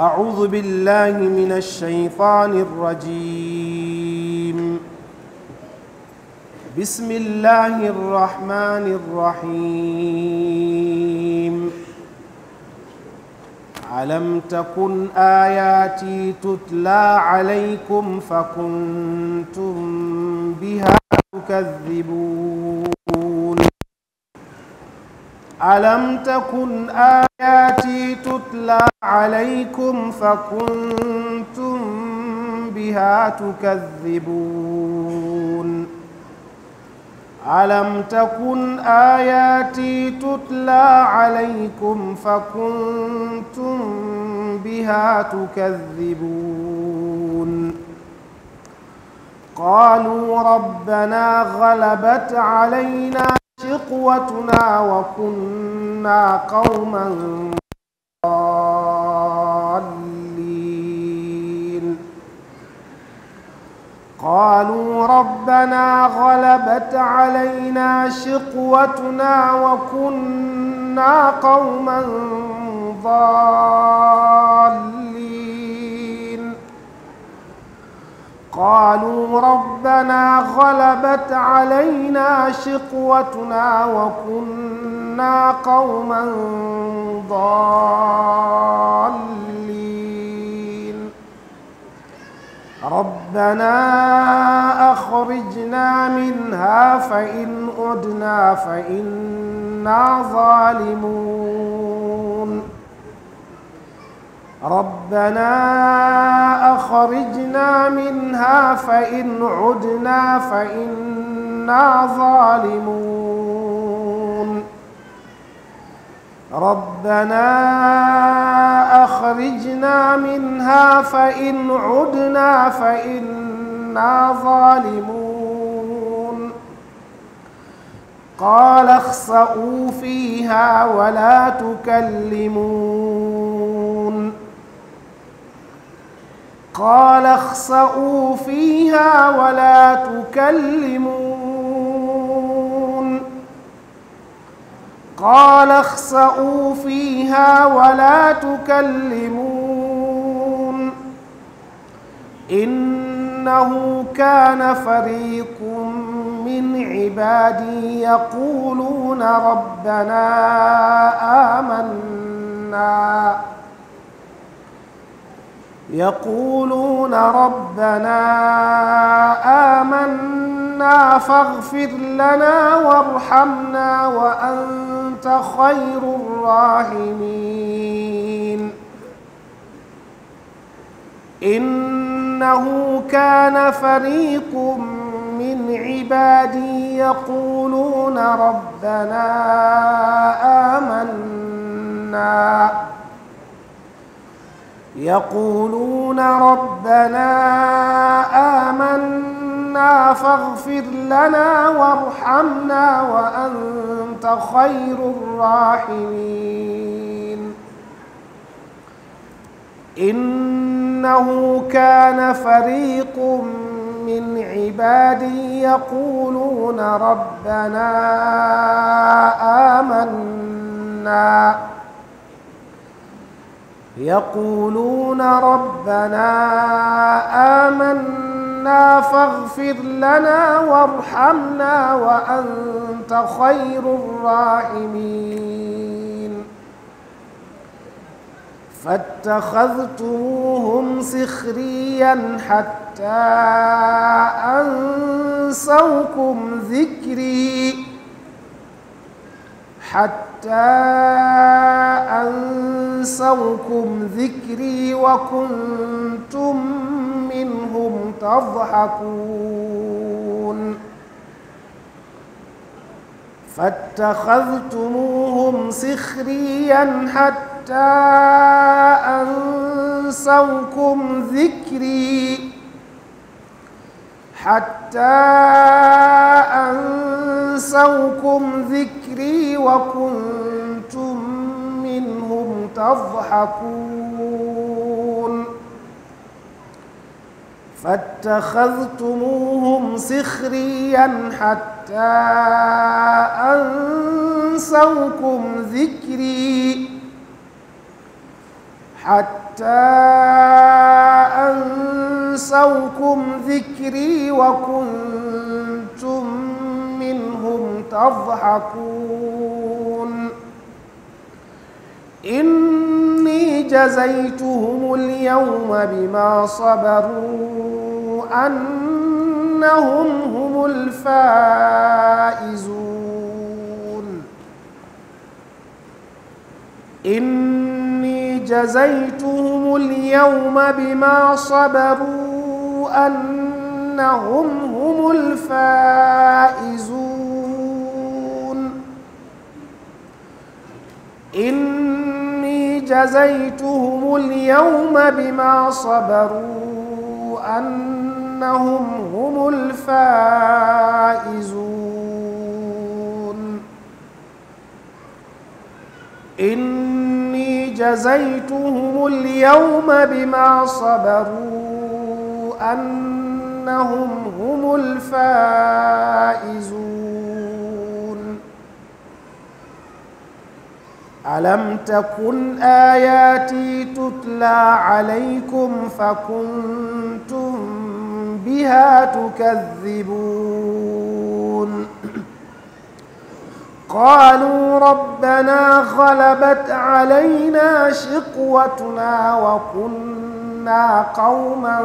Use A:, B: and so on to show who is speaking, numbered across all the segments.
A: أعوذ بالله من الشيطان الرجيم بسم الله الرحمن الرحيم ألم تكن آياتي تتلى عليكم فكنتم بها تكذبون ألم تكن آياتي تتلى عليكم فكنتم بها تكذبون ألم تكن آياتي تتلى عليكم فكنتم بها تكذبون قالوا ربنا غلبت علينا إخوتنا وكنا قوما ضالين قالوا ربنا غلبت علينا شقوتنا وكنا قوما ضالين قالوا ربنا غلبت علينا شقوتنا وكنا قوما ضالين ربنا اخرجنا منها فان عدنا فانا ظالمون ربنا أخرجنا منها فإن عدنا فإنا ظالمون ربنا أخرجنا منها فإن عدنا فإنا ظالمون قال اخسؤوا فيها ولا تكلمون قال اخسئوا فيها ولا تكلمون قال اخسئوا فيها ولا تكلمون إنه كان فريق من عبادي يقولون ربنا آمنا يقولون ربنا آمنا فاغفر لنا وارحمنا وأنت خير الراحمين إنه كان فريق من عبادي يقولون ربنا آمنا يقولون ربنا آمنا فاغفر لنا وارحمنا وأنت خير الراحمين إنه كان فريق من عبادي يقولون ربنا آمنا يقولون ربنا آمنا فاغفر لنا وارحمنا وأنت خير الراحمين فاتخذتموهم سخريا حتى أنسوكم ذكري حتى أن أنسوكم ذكري وكنتم منهم تضحكون فاتخذتموهم سخريا حتى أنسوكم ذكري حتى أنسوكم ذكري وكنتم تضحكون فاتخذتموهم سخريا حتى أنسوكم ذكري حتى أنسوكم ذكري وكنتم منهم تضحكون إني جزيتهم اليوم بما صبروا أنهم هم الفائزون إني جزيتهم اليوم بما صبروا أنهم هم الفائزون جزيتهم اليوم بما صبروا أنهم هم الفائزون إني جزيتهم اليوم بما صبروا أنهم هم الفائزون ألم تكن آياتي تتلى عليكم فكنتم بها تكذبون قالوا ربنا غلبت علينا شقوتنا وكنا قوما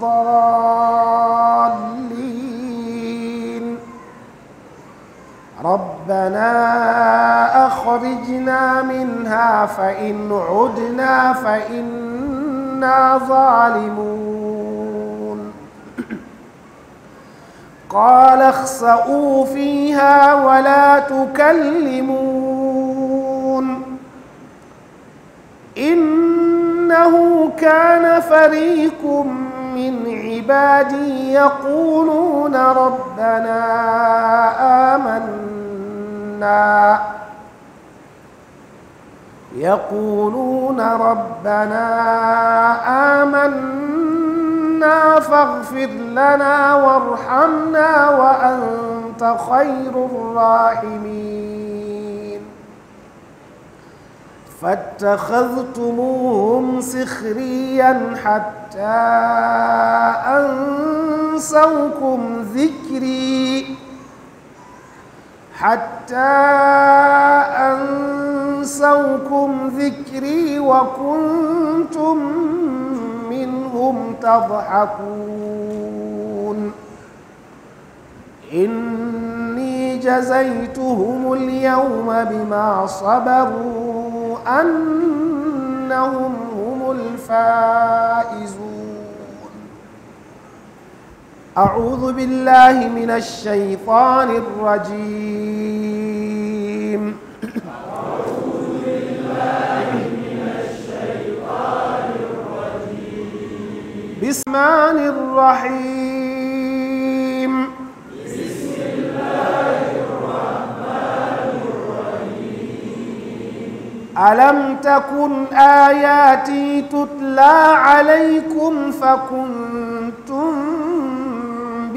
A: ضالين ربنا أخرجنا منها فإن عدنا فإنا ظالمون قال اخسئوا فيها ولا تكلمون إنه كان فريق من عبادي يقولون ربنا آمنا يقولون ربنا آمنا فاغفر لنا وارحمنا وأنت خير الراحمين فاتخذتموهم سخريا حتى أنسوكم ذكري حتى أنسوكم ذكري وكنتم منهم تضحكون إني جزيتهم اليوم بما صبروا أنهم هم الفائزون أعوذ بالله من الشيطان الرجيم
B: أعوذ بالله من الشيطان
A: الرجيم بسم الله الرحيم
B: بسم الله الرحمن الرحيم
A: ألم تكن آياتي تتلى عليكم فكنتم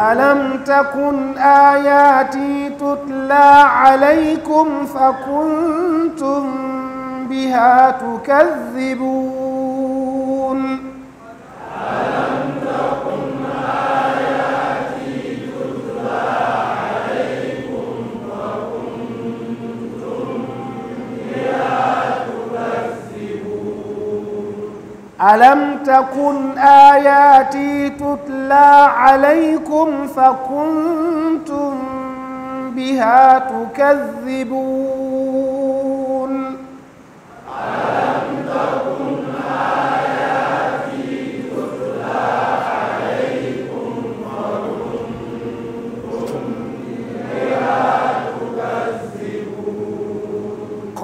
A: ألم تكن آياتي تتلى عليكم فكنتم بها تكذبون ألم تكن آياتي تتلى عليكم فكنتم بها تكذبون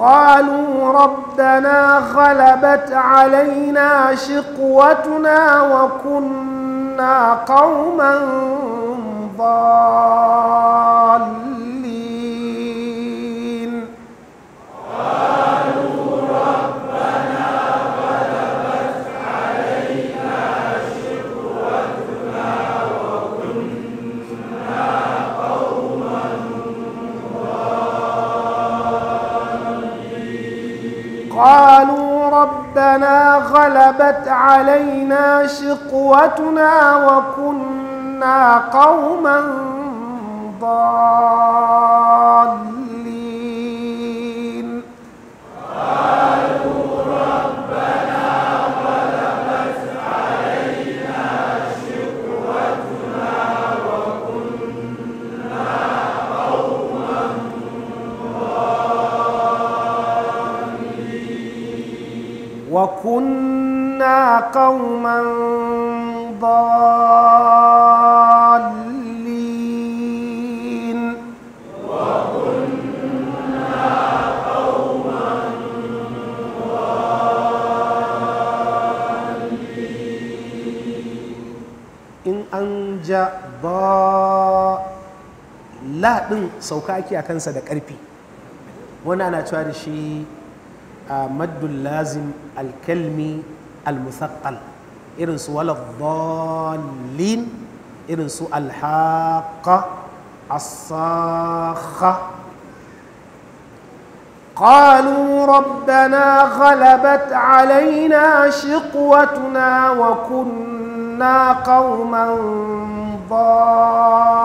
A: قالوا ربنا غلبت علينا شقوتنا وكنا قوما ضالين جئتنا غلبت علينا شقوتنا وكنا قوما ضالين وكنا قوما ضالين وكنا قوما
C: ضالين إن ɗin sauka ake a kansa da ƙarfi wani ana cewa da shi آه، مد اللازم الكلمي المثقل irin ولا الضالين dhalin الحاقة الصاخة
A: قالوا ربنا غلبت علينا شقوتنا وكنا قوما ضالين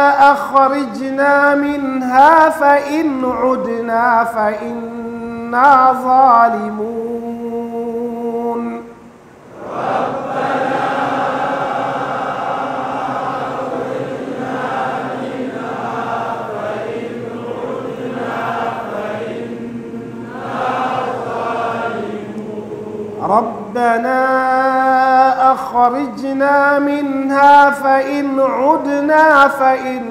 A: أخرجنا منها فإن عدنا فإنا ظالمون ربنا ربنا أخرجنا منها فإن عدنا فإن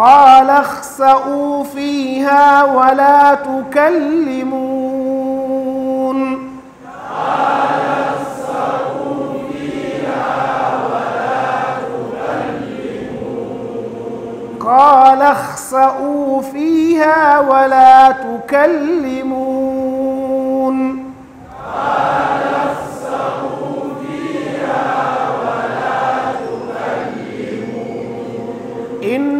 A: قال اخسأوا فيها ولا تكلمون
B: قال اخسأوا فيها ولا تكلمون
A: قال اخسأوا فيها ولا تكلمون قال إن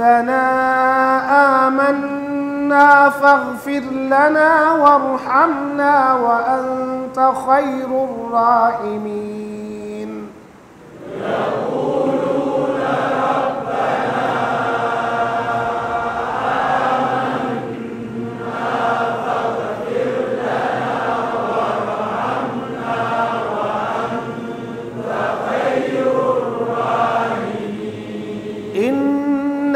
A: ربنا آمنا فاغفر لنا وارحمنا وأنت خير الراحمين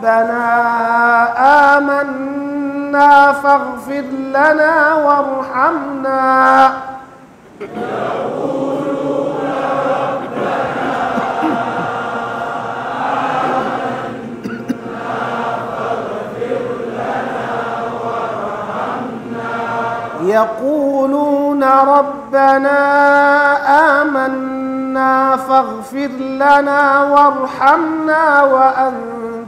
A: ربنا آمنا فاغفر لنا وارحمنا يقولون ربنا آمنا فاغفر لنا وارحمنا وأنت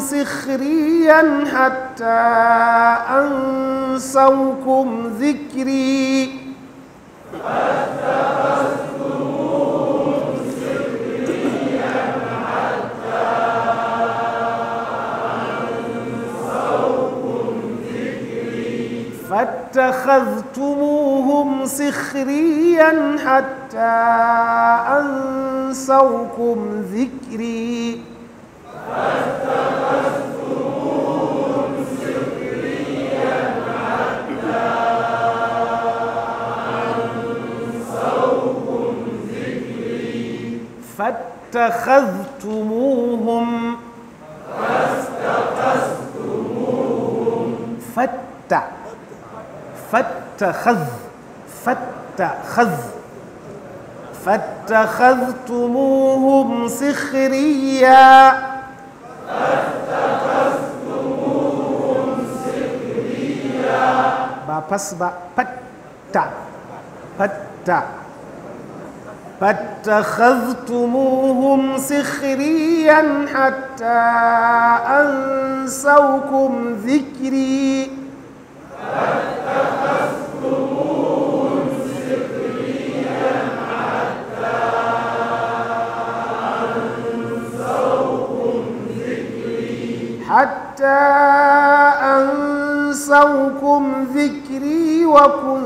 A: سخريا حتى أنسوكم ذكري فاتخذتموهم سخريا حتى أنسوكم ذكري
C: فاستخذتموهم فت فاتخذ فاتخذ
A: فاتخذتموهم سخريا
B: فاتخذتموهم سخريا
C: با بس فت فتا فاتخذتموهم سخريا حتى
A: أنسوكم ذكري حتى
B: أنسوكم ذكري
A: حتى أنسوكم ذكري وكنتم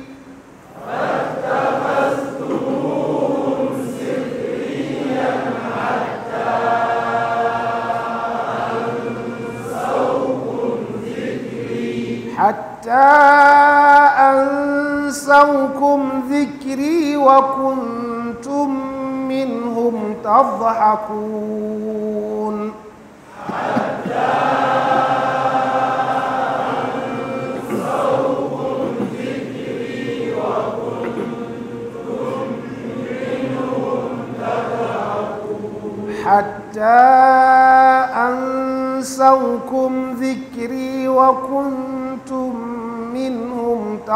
A: أنسوكم ذكري وكنتم منهم تضحكون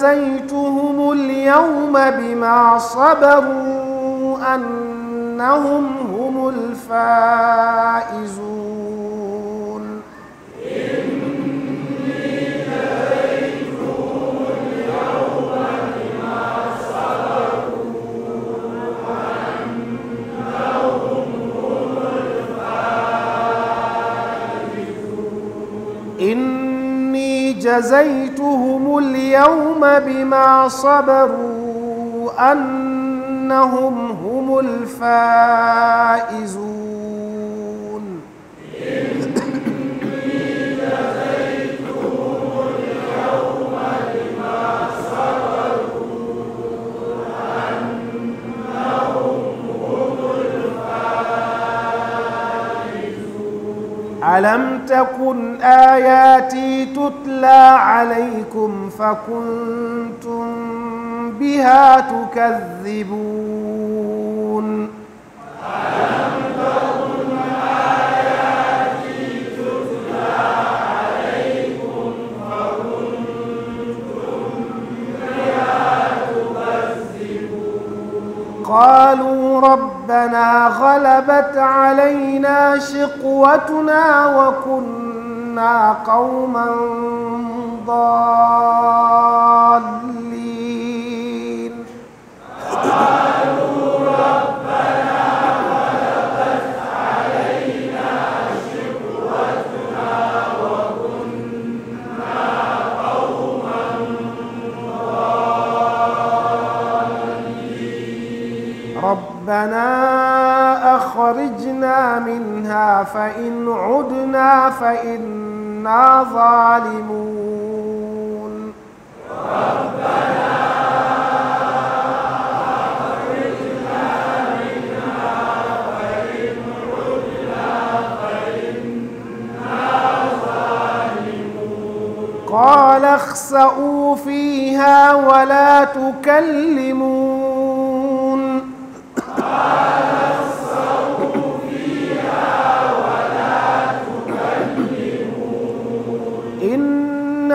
A: جزيتهم اليوم بما صبروا أنهم هم الفائزون جزيتهم اليوم بما صبروا أنهم هم الفائزون
C: ألم تكن
A: آياتي تتلى عليكم فكنتم بها تكذبون ألم تكن آياتي تتلى عليكم فكنتم بها تكذبون قالوا رب ربنا غلبت علينا شقوتنا وكنا قوما ضالين ربنا أخرجنا منها فإن عدنا فإنا ظالمون
B: ربنا
A: قال اخسأوا فيها ولا تكلمون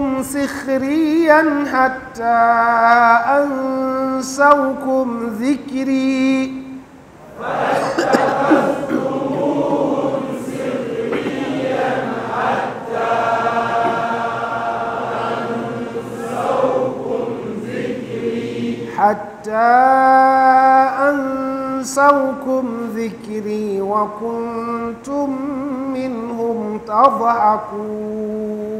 A: منكم سخريا حتى أنسوكم ذكري حتى أنسوكم ذكري وكنتم منهم تضحكون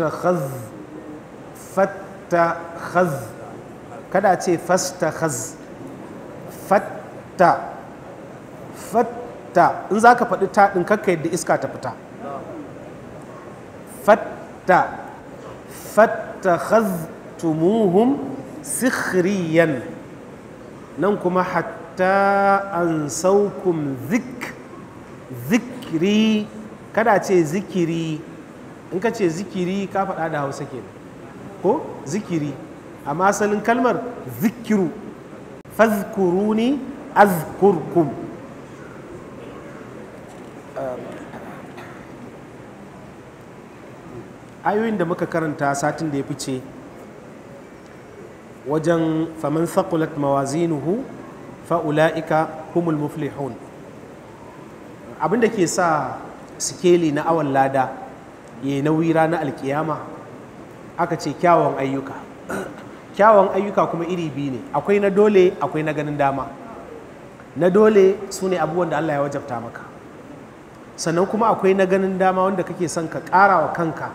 C: fattakhaz kada ce fastakhaz fatta fatta in za ka faɗi ta ɗin kakka yadda iska ta fita fatta fattakhaztumuhum sikhriyan nan kuma hatta an saukum zik zikiri kada ce zikiri in ka ce zikiri ka faɗa da hausa ke ko zikiri amma asalin kalmar zikiru fazkuruni azkurkum um, ayoyin da muka karanta satin da ya fice wajen faman sakulat mawazinuhu fa'ula'ika humul muflihun abinda ke sa sikeli na awon lada ya nauyi ranar alkiyama aka ce kyawun ayyuka kyawun ayyuka kuma iri biyu ne akwai na dole akwai na ganin dama na dole su ne abubuwan da Allah ya wajabta maka sannan kuma akwai na ganin dama wanda kake son ka ƙara wa kanka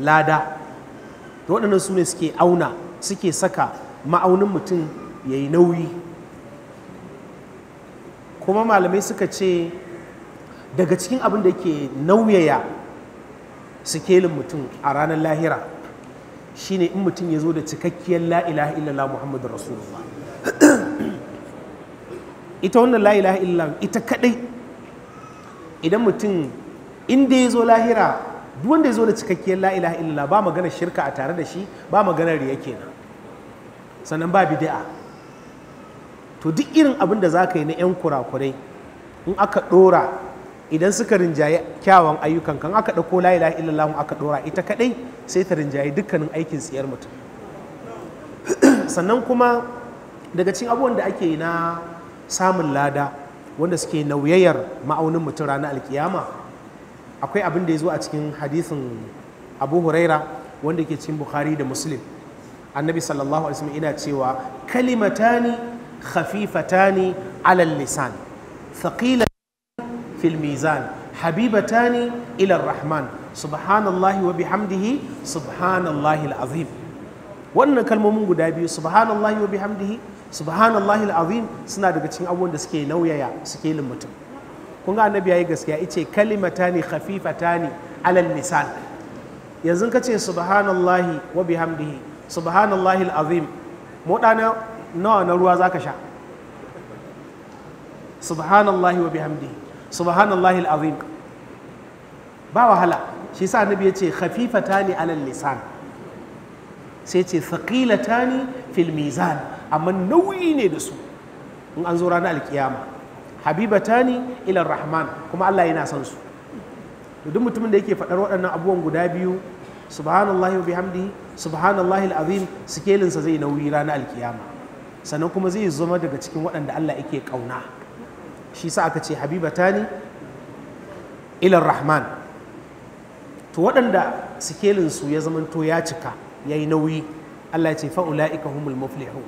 C: lada waɗannan su ne suke auna suke saka ma'aunin mutum ya yi nauyi kuma malamai suka ce daga cikin abin da ke nauyaya sikelin mutum a ranar lahira shine in mutum ya zo da cikakkiyar la ilaha illallah muhammadu rasulullah ita wannan la ilaha illallah ita kadai idan mutum inda ya zo lahira duk wanda ya zo da cikakkiyar la ilaha illallah ba magana shirka a tare da shi ba magana riya kenan sannan ba bid'a to duk irin abin da za ka yi na 'yan kurakurai in aka ɗora idan suka rinjaye kyawun ayyukan kan aka ɗauko la ilaha illallah aka ɗora ita kaɗai sai ta rinjaye dukkanin aikin tsiyar mutum sannan kuma daga cikin abubuwan da ake na samun lada wanda suke nauyayar ma'aunin mutum ranar alkiyama akwai abin da ya zo a cikin hadisin abu huraira wanda ke cikin bukhari da muslim annabi sallallahu alaihi wasallam ina cewa kalimatani khafifatani alal lisan thaqila fil mizan habibatani ila rahman subhanallahi wa bihamdihi subhanallahi alazim wannan kalmomin guda biyu subhanallahi wa bihamdihi subhanallahi alazim suna daga cikin abubuwan da suke nauyaya suke lin mutum kun ga annabi yayi gaskiya yace kalimatani khafifatani alal lisan yanzu ka ce subhanallahi wa bihamdihi subhanallahi alazim mu dana nawa na ruwa zaka sha subhanallahi wa bihamdihi subhanallahi alazim ba wahala shi sa annabi ya ce khafifatani alal lisan sai ce thaqilatani fil mizan amma nauyi ne da su in an zo ranar alkiyama habibatani ila rahman kuma Allah yana son su duk mutumin da yake faɗar waɗannan abubuwan guda biyu subhanallahi wa bihamdihi subhanallahi alazim sikelinsa zai nauyi ranar alkiyama sannan kuma zai zama daga cikin waɗanda Allah yake ƙauna shi sa aka ce Habiba tani ilar rahman to waɗanda sikelinsu ya zamanto ya cika ya yi nauyi Allah ya ce fa'ula'ika humul muflihu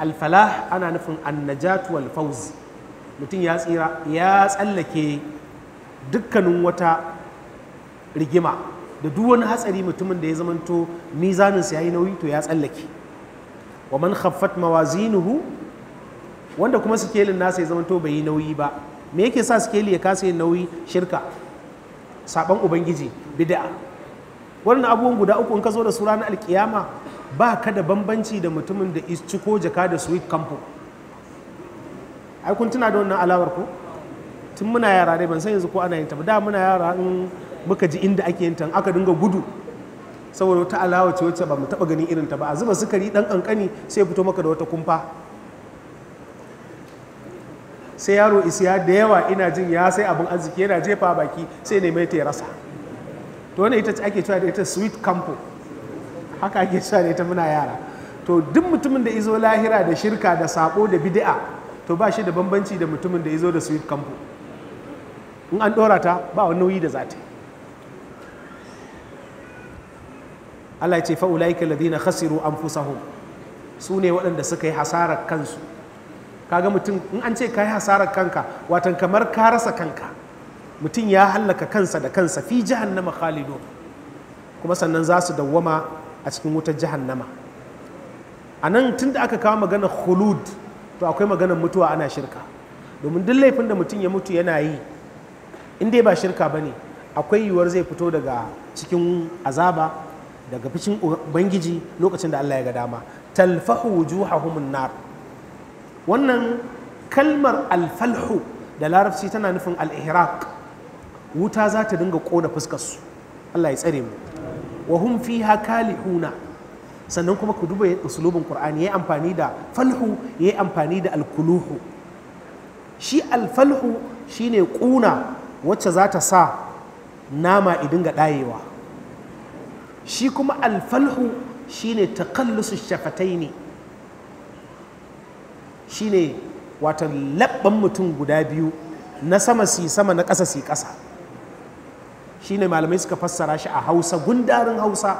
C: alfalah ana nufin annajatu wal fawz mutum ya tsira ya tsallake dukkanin wata rigima da duk wani hatsari mutumin da ya zamanto mizaninsa ya yi nauyi to ya tsallake wa man khaffat mawazinuhu wanda kuma sikelin nasa ya zama to yi nauyi ba me yake sa sikeli ya kasa yin nauyi shirka saban ubangiji bid'a wannan abubuwan guda uku in ka zo da su ranar alkiyama ba ka da bambanci da mutumin da isci ko jaka da sweet kamfo ai kun tuna da wannan alawar ko tun muna yara dai ban san yanzu ko ana yin ta ba da muna yara in muka ji inda ake yin ta aka dinga gudu saboda wata alawa ce wacce ba mu taba ganin irin ta ba a zuba sukari dan kankani sai fito maka da wata kumfa sai yaro isiya da yawa ina jin ya sai abin arziki yana jefa baki sai ne mai rasa to wani ita ake cewa da ita sweet campo haka ake cewa da ita muna yara to duk mutumin da izo lahira da shirka da sabo da bidi'a, to ba shi da bambanci da mutumin da izo da sweet campo in an dora ta ba wani nauyi da zata Allah ya ce fa ulaika alladhina khasiru anfusahum su ne waɗanda suka yi hasarar kansu Ka ga mutum in an ce ka yi hasarar kanka watan kamar ka rasa kanka mutum ya hallaka kansa da kansa fi jahannama khalido kuma sannan za su dawwama a cikin wutar jahannama a nan tun da aka kawo magana khulud to akwai magana mutuwa ana shirka domin duk laifin da mutum ya mutu yana yi in dai ba shirka ba ne akwai yiwuwar zai fito daga cikin azaba daga fishin ubangiji lokacin da Allah ya ga dama talfahu wujuhahum nar wannan kalmar alfalhu da larabci tana nufin al'ihraq wuta za ta dinga ƙona fuskarsu Allah ya tsare mu wa hum haka lihuna. sannan kuma ku duba usulubin qur'ani yayi amfani da falhu yayi amfani da alkuluhu shi alfalhu shine ƙuna wacce za ta sa nama idin ga ɗayewa shi kuma alfalhu shine takallusu shafataini shine wato labban mutum guda biyu na sama si sama na ƙasa si ƙasa shine malamai suka fassara shi a hausa gundarin hausa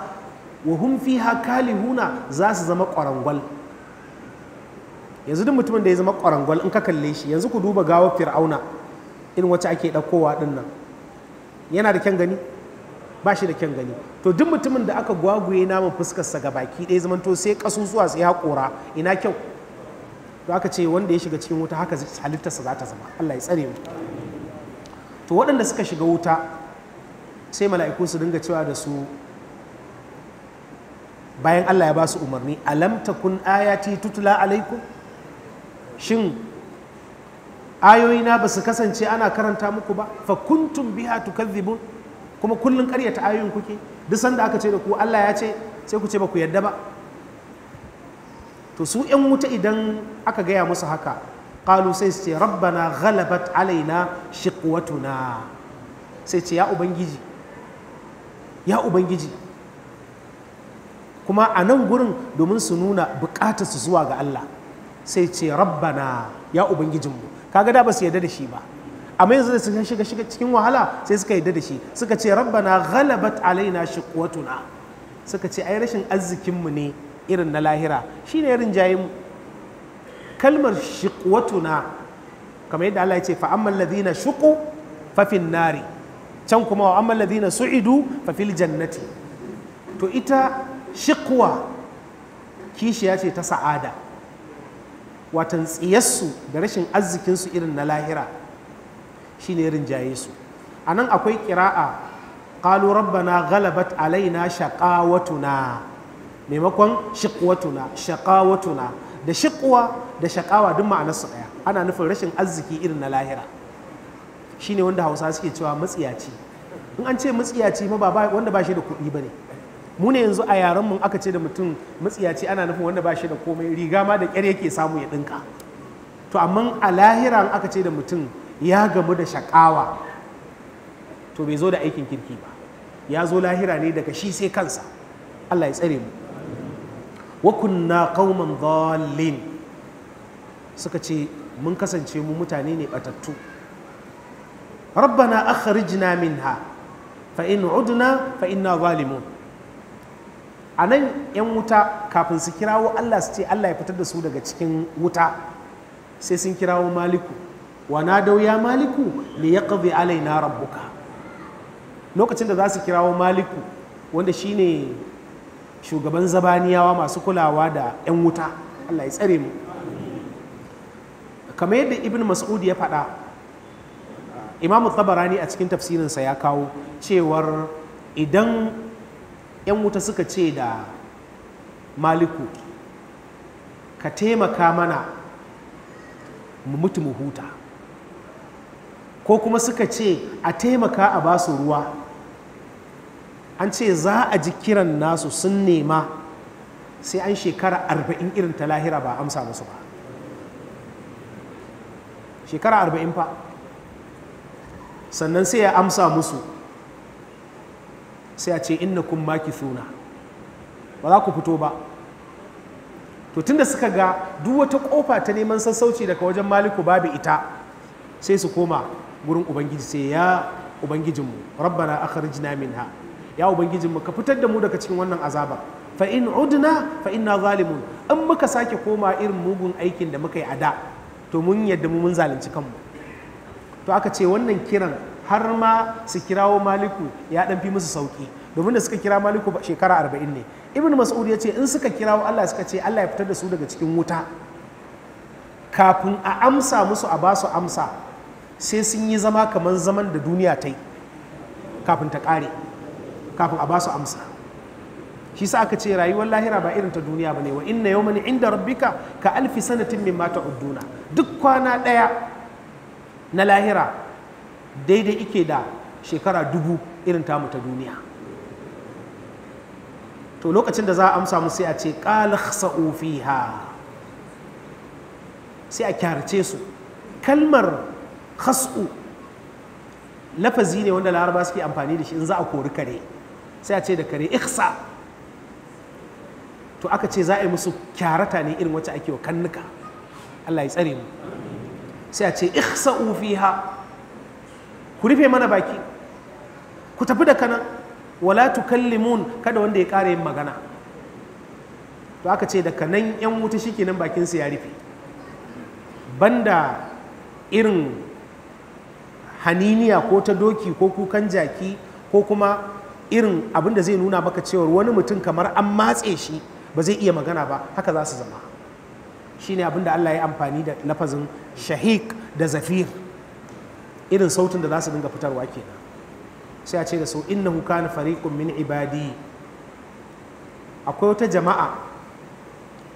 C: wa hum haka huna za su zama ƙwarangwal yanzu duk mutumin da ya zama ƙwarangwal in ka kalle shi yanzu ku duba gawar fir'auna in wacce ake ɗaukowa ɗin nan yana da kyan gani ba shi da kyan gani to duk mutumin da aka gwaguye naman fuskarsa ga baki ɗaya zamanto sai ƙasusuwa sai haƙora ina kyau to aka ce wanda ya shiga cikin wuta haka halittarsa za ta zama Allah ya tsare mu to waɗanda suka shiga wuta sai mala'iku su dinga cewa da su bayan Allah ya ba su umarni alam takun ayati tutula alaikum shin na ba su kasance ana karanta muku ba fa kuntum biha tukadhibun kuma kullun ƙaryata ayoyin kuke duk sanda aka ce da ku Allah ya ce sai ku ce ba ku yadda ba to su yan wuta idan aka gaya musu haka kalu sai su ce rabbana ghalabat alaina shiqwatuna sai ce ya ubangiji ya ubangiji kuma a nan gurin domin su nuna bukatar su zuwa ga Allah sai ce rabbana ya ubangijinmu kaga da ba su yarda da shi ba amma yanzu da sun shiga shiga cikin wahala sai suka yarda da shi suka ce rabbana ghalabat alaina shiqwatuna suka ce ai rashin arzikinmu ne irin na lahira shine irin jayin kalmar shiqwatuna kamar yadda Allah ya ce fa ammal ladina shuqu fa nari can kuma wa ammal ladina su'idu fa fil jannati to ita shiqwa kishiya ce ta sa'ada watan tsiyarsu da rashin arzikinsu irin na lahira shine rinjaye su a nan akwai ƙira'a ƙalu rabbana galabat alaina shaƙawatuna maimakon shiqwatuna shaƙawatuna da shiƙwa da Shaƙawa duk su ɗaya ana nufin rashin arziki irin na lahira shine wanda hausa suke cewa matsiyaci in an ce matsiyaci ma wanda ba shi da kuɗi ba ne mu ne yanzu a yaren mu aka ce da mutum matsiyaci ana nufin wanda ba shi da komai riga ma da ƙyar yake samu ya ɗinka to amma a lahira aka ce da mutum ya gamu da shaƙawa to bai zo da aikin kirki ba ya zo lahira ne daga shi sai kansa Allah ya tsare mu wa kunna qauman dhallin suka ce mun kasance mu mutane ne batattu rabbana akhrijna minha fa in udna fa inna zalimun a nan 'yan wuta kafin su kirawo Allah su ce Allah ya fitar da su daga cikin wuta sai sun kirawo maliku wa na ya maliku li yaqdi alaina rabbuka lokacin da za su kirawo maliku wanda shine shugaban zabaniyawa masu kulawa da 'yan wuta Allah ya tsare mu kamar yadda ibn mas'ud ya faɗa imamu tabarani a cikin tafsirinsa ya kawo cewar idan 'yan wuta suka ce da maliku ka taimaka mana mu mutu mu huta ko kuma suka ce a taimaka a basu ruwa an ce za a ji kiran nasu sun nema sai an shekara arba'in irin ta lahira ba amsa musu ba shekara arba'in fa sannan sai ya amsa musu sai a ce inna kun maki suna ba za ku fito ba to tunda suka ga duk wata kofa ta neman sassauci daga wajen maliku babu ita sai su koma wurin ubangiji sai ya ubangijinmu rabbana akhrijna minha ya ubangijinmu ka fitar da mu daga cikin wannan azaba fa in udna fa inna zalimun in muka sake koma irin mugun aikin da muka yi a da to mun yadda mu mun zalunci kanmu to aka ce wannan kiran har ma su kirawo maliku ya dan fi musu sauki domin da suka kira maliku shekara arba'in ne ibn mas'ud ya ce in suka kirawo allah suka ce allah ya fitar da su daga cikin wuta kafin a amsa musu a basu amsa sai sun yi zama kamar zaman da duniya ta yi kafin ta kare. kafin a ba su amsa shi sa aka ce rayuwar lahira ba irin ta duniya ba ne wa inna yau mani inda rabbika ka alfi sanatin min mata uduna duk kwana ɗaya na lahira daidai ike da shekara dubu irin tamu ta duniya to lokacin da za a amsa musu sai a ce qala fiha sai a kyarce su kalmar khas'u lafazi ne wanda laraba suke amfani da shi in za a kori kare sai a ce da kare iksa to aka ce za a yi musu kyarata ne irin wacce ake wa kannuka Allah ya tsare mu sai a ce ufi ha. ku rufe mana baki ku tafi da kanan wala kallimun kada wanda ya kare yin magana to aka ce da kanan yan wuta shikenan bakin su ya rufe banda irin haniniya ko ta doki ko kukan jaki ko kuma irin abin da zai nuna maka cewar wani mutum kamar an matse shi ba zai iya magana ba haka za su zama shi ne abin da Allah ya amfani da lafazin shahik da zafir irin sautin da za su dinga fitarwa kenan sai a ce da su huka na fariqun min ibadi akwai wata jama'a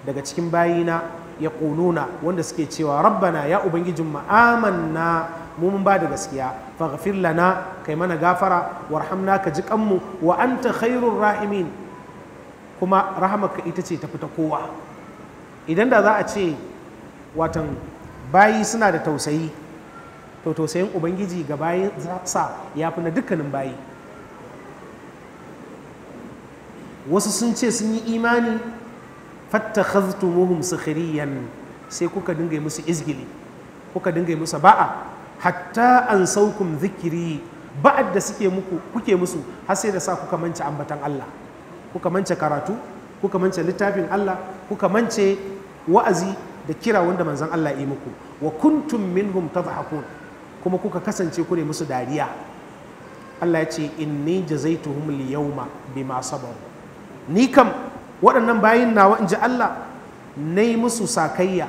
C: daga cikin bayina ya ƙonuna wanda suke cewa rabbana ya ubangijin ma'amanna mu mun ba da gaskiya faghfir lana kai mana gafara warhamna ka ji kanmu wa anta khairur rahimin kuma rahamaka ita ce ta fita kowa idan da za a ce watan bayi suna da tausayi to tausayin ubangiji ga bayi sa ya fi na dukkanin bayi wasu sun ce sun yi imani Fatta fattakhaztumuhum sukhriyan sai kuka dinga musu izgili kuka dinga musu ba'a hatta an saukum zikiri ba'ad da suke muku kuke musu har sai da sa kuka mance ambatan Allah kuka mance karatu kuka mance littafin Allah kuka mance wa'azi da kira wanda manzon Allah yi muku wa kuntum minhum tadhahakun kuma kuka kasance ku ne musu dariya Allah ya ce inni jazaituhum al-yawma bima sabaru ni kam waɗannan bayin nawa in ji Allah nai musu sakayya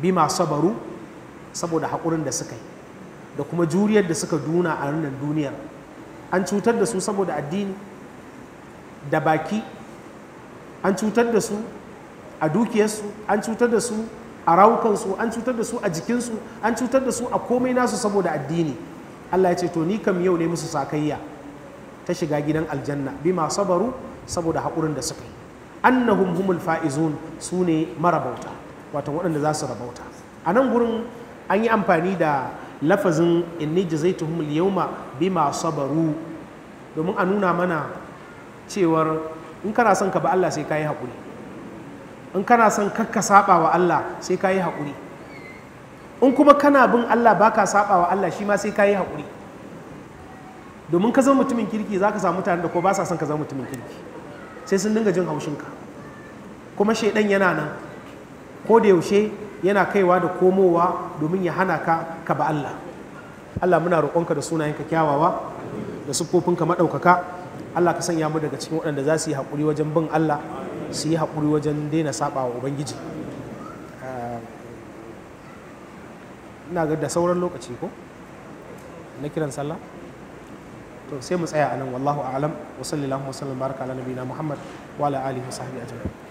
C: bima sabaru saboda haƙurin da suka yi da kuma juriyar da suka duna a wannan duniyar an cutar da su saboda addini da baki an cutar da su a dukiyarsu an cutar da su a rawukansu an cutar da su a jikinsu an cutar da su a komai nasu saboda addini Allah ya ce to ni kam yau ne musu sakayya ta shiga gidan aljanna Bi ma sabaru saboda haƙurin da suka yi annahum humul fa'izun su ne marabauta wato waɗanda za su rabauta a nan gurin an yi amfani da lafazin inni jazaituhum al-yawma bima sabaru domin a nuna mana cewar in kana son ka ba Allah sai ka yi haƙuri in kana son kakka saba wa Allah sai ka yi haƙuri in kuma kana bin Allah baka saba wa Allah shi ma sai ka yi haƙuri domin ka zama mutumin kirki za ka samu mutanen da ko ba sa son ka zama mutumin kirki sai sun dinga jin haushinka kuma shaidan yana nan ko da yaushe yana kaiwa da komowa domin ya hana ka ka ba Allah Allah muna roƙonka da sunayenka kyawawa da siffofinka maɗaukaka Allah ka sanya mu daga cikin waɗanda za su yi haƙuri wajen bin Allah su yi haƙuri wajen daina saɓa wa Ubangiji ah, ina ga da sauran lokaci ko na kiran sallah to sai mu tsaya anan wallahu a'lam wa sallallahu wa sallam baraka ala nabiyina muhammad wa ala alihi wa sahbihi ajma'in